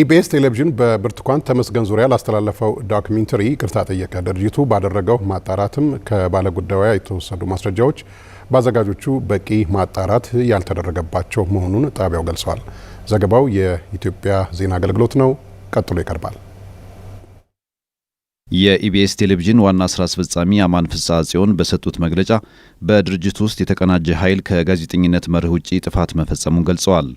ኢቢኤስ ቴሌቪዥን በብርቱካን ተመስገን ዙሪያ ላስተላለፈው ዶክሜንተሪ ቅርታ ጠየቀ። ድርጅቱ ባደረገው ማጣራትም ከባለጉዳዩ የተወሰዱ ማስረጃዎች በአዘጋጆቹ በቂ ማጣራት ያልተደረገባቸው መሆኑን ጣቢያው ገልጸዋል። ዘገባው የኢትዮጵያ ዜና አገልግሎት ነው፣ ቀጥሎ ይቀርባል። የኢቢኤስ ቴሌቪዥን ዋና ስራ አስፈጻሚ አማን ፍስሐ ጽዮን በሰጡት መግለጫ በድርጅቱ ውስጥ የተቀናጀ ኃይል ከጋዜጠኝነት መርህ ውጪ ጥፋት መፈጸሙን ገልጸዋል።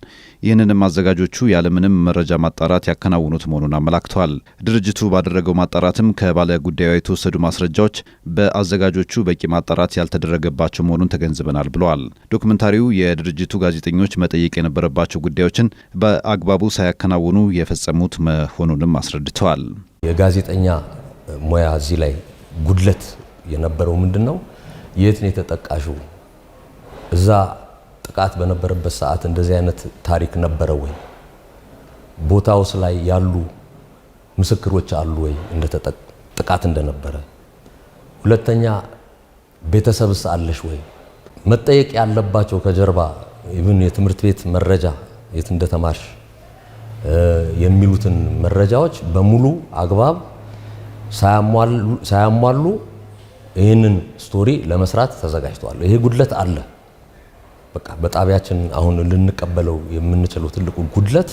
ይህንንም አዘጋጆቹ ያለምንም መረጃ ማጣራት ያከናውኑት መሆኑን አመላክተዋል። ድርጅቱ ባደረገው ማጣራትም ከባለ ጉዳዩ የተወሰዱ ማስረጃዎች በአዘጋጆቹ በቂ ማጣራት ያልተደረገባቸው መሆኑን ተገንዝበናል ብለዋል። ዶክመንታሪው የድርጅቱ ጋዜጠኞች መጠየቅ የነበረባቸው ጉዳዮችን በአግባቡ ሳያከናውኑ የፈጸሙት መሆኑንም አስረድተዋል። የጋዜጠኛ ሙያ እዚህ ላይ ጉድለት የነበረው ምንድን ነው? የት ነው የተጠቃሹ? እዛ ጥቃት በነበረበት ሰዓት እንደዚህ አይነት ታሪክ ነበረ ወይ? ቦታውስ ላይ ያሉ ምስክሮች አሉ ወይ ጥቃት እንደነበረ? ሁለተኛ ቤተሰብስ አለሽ ወይ? መጠየቅ ያለባቸው ከጀርባ ኢቭን የትምህርት ቤት መረጃ የት እንደተማርሽ የሚሉትን መረጃዎች በሙሉ አግባብ ሳያሟሉ ይህንን ስቶሪ ለመስራት ተዘጋጅተዋል። ይሄ ጉድለት አለ። በቃ በጣቢያችን አሁን ልንቀበለው የምንችለው ትልቁ ጉድለት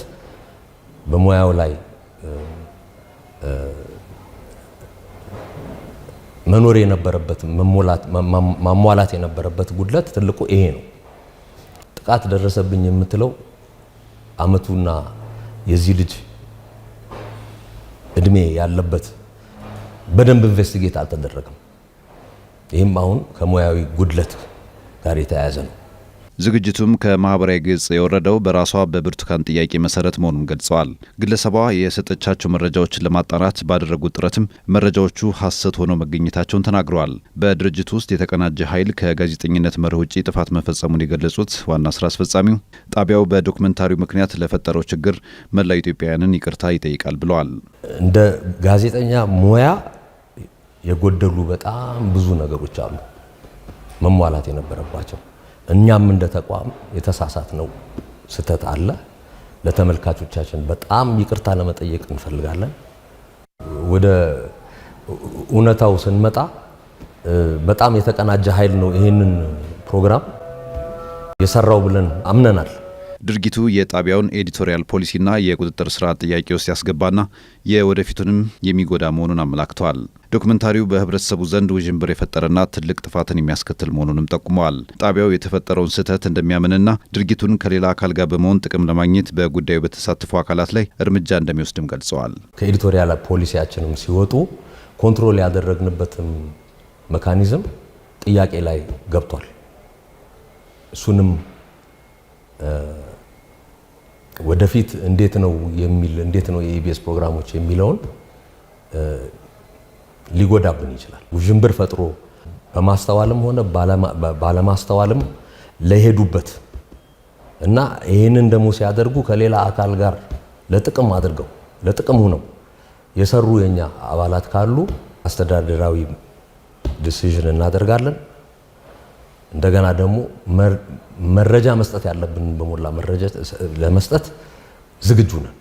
በሙያው ላይ መኖር የነበረበት ማሟላት የነበረበት ጉድለት ትልቁ ይሄ ነው። ጥቃት ደረሰብኝ የምትለው አመቱና የዚህ ልጅ እድሜ ያለበት በደንብ ኢንቨስቲጌት አልተደረገም። ይህም አሁን ከሙያዊ ጉድለት ጋር የተያያዘ ነው። ዝግጅቱም ከማህበራዊ ገጽ የወረደው በራሷ በብርቱካን ጥያቄ መሰረት መሆኑን ገልጸዋል። ግለሰቧ የሰጠቻቸው መረጃዎችን ለማጣራት ባደረጉት ጥረትም መረጃዎቹ ሐሰት ሆነው መገኘታቸውን ተናግረዋል። በድርጅቱ ውስጥ የተቀናጀ ኃይል ከጋዜጠኝነት መርህ ውጪ ጥፋት መፈጸሙን የገለጹት ዋና ስራ አስፈጻሚው ጣቢያው በዶክመንታሪው ምክንያት ለፈጠረው ችግር መላ ኢትዮጵያውያንን ይቅርታ ይጠይቃል ብለዋል። እንደ ጋዜጠኛ ሙያ የጎደሉ በጣም ብዙ ነገሮች አሉ መሟላት የነበረባቸው። እኛም እንደ ተቋም የተሳሳት ነው ስህተት አለ። ለተመልካቾቻችን በጣም ይቅርታ ለመጠየቅ እንፈልጋለን። ወደ እውነታው ስንመጣ በጣም የተቀናጀ ኃይል ነው ይህንን ፕሮግራም የሰራው ብለን አምነናል። ድርጊቱ የጣቢያውን ኤዲቶሪያል ፖሊሲና የቁጥጥር ስርዓት ጥያቄ ውስጥ ያስገባና የወደፊቱንም የሚጎዳ መሆኑን አመላክተዋል። ዶክመንታሪው በህብረተሰቡ ዘንድ ውዥንብር የፈጠረና ትልቅ ጥፋትን የሚያስከትል መሆኑንም ጠቁመዋል። ጣቢያው የተፈጠረውን ስህተት እንደሚያምንና ድርጊቱን ከሌላ አካል ጋር በመሆን ጥቅም ለማግኘት በጉዳዩ በተሳተፉ አካላት ላይ እርምጃ እንደሚወስድም ገልጸዋል። ከኤዲቶሪያል ፖሊሲያችንም ሲወጡ ኮንትሮል ያደረግንበትም መካኒዝም ጥያቄ ላይ ገብቷል። እሱንም ወደፊት እንዴት ነው የሚል እንዴት ነው የኢቢኤስ ፕሮግራሞች የሚለውን ሊጎዳብን ይችላል። ውዥንብር ፈጥሮ በማስተዋልም ሆነ ባለማስተዋልም ለሄዱበት እና ይህንን ደግሞ ሲያደርጉ ከሌላ አካል ጋር ለጥቅም አድርገው ለጥቅሙ ነው የሰሩ የኛ አባላት ካሉ አስተዳደራዊ ዲሲዥን እናደርጋለን። እንደገና ደግሞ መረጃ መስጠት ያለብን በሞላ መረጃ ለመስጠት ዝግጁ ነን።